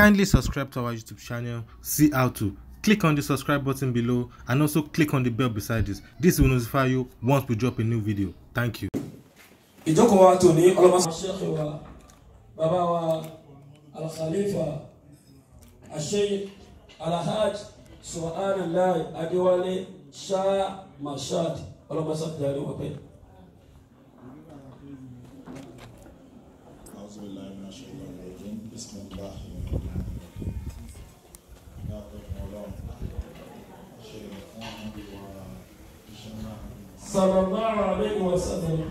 Kindly subscribe to our YouTube channel, see how to. Click on the subscribe button below and also click on the bell beside this. This will notify you once we drop a new video. Thank you. Ìjókòó wa tòní ọlọ́mọ. Sheikh wa bàbá wa Al-Khalifa al Subhanallah Adéwálé Shah Mashad ọlọ́mọ sàkíyàrí wọ̀ bẹ́ẹ̀. أعوذ sallallahu alayhi wa salam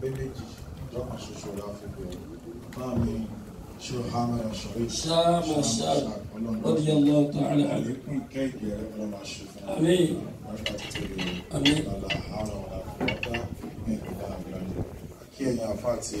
méjèèjì lọ́kàn ṣoṣo la fi bọ̀ máa mi ṣe hamẹ́ ọ̀ṣọ́rí sáàmù sáàmù lọ́dí ọlọ́ tó àlẹ́ àlẹ́ kún ìkẹ́ ìgbẹ́ rẹ̀ lọ́ máa fún mi láti tẹ̀lé àmín lọ́la ọ̀la fún ọ̀dá ní ìlú àgbà kí ẹ̀yin àfáà tí.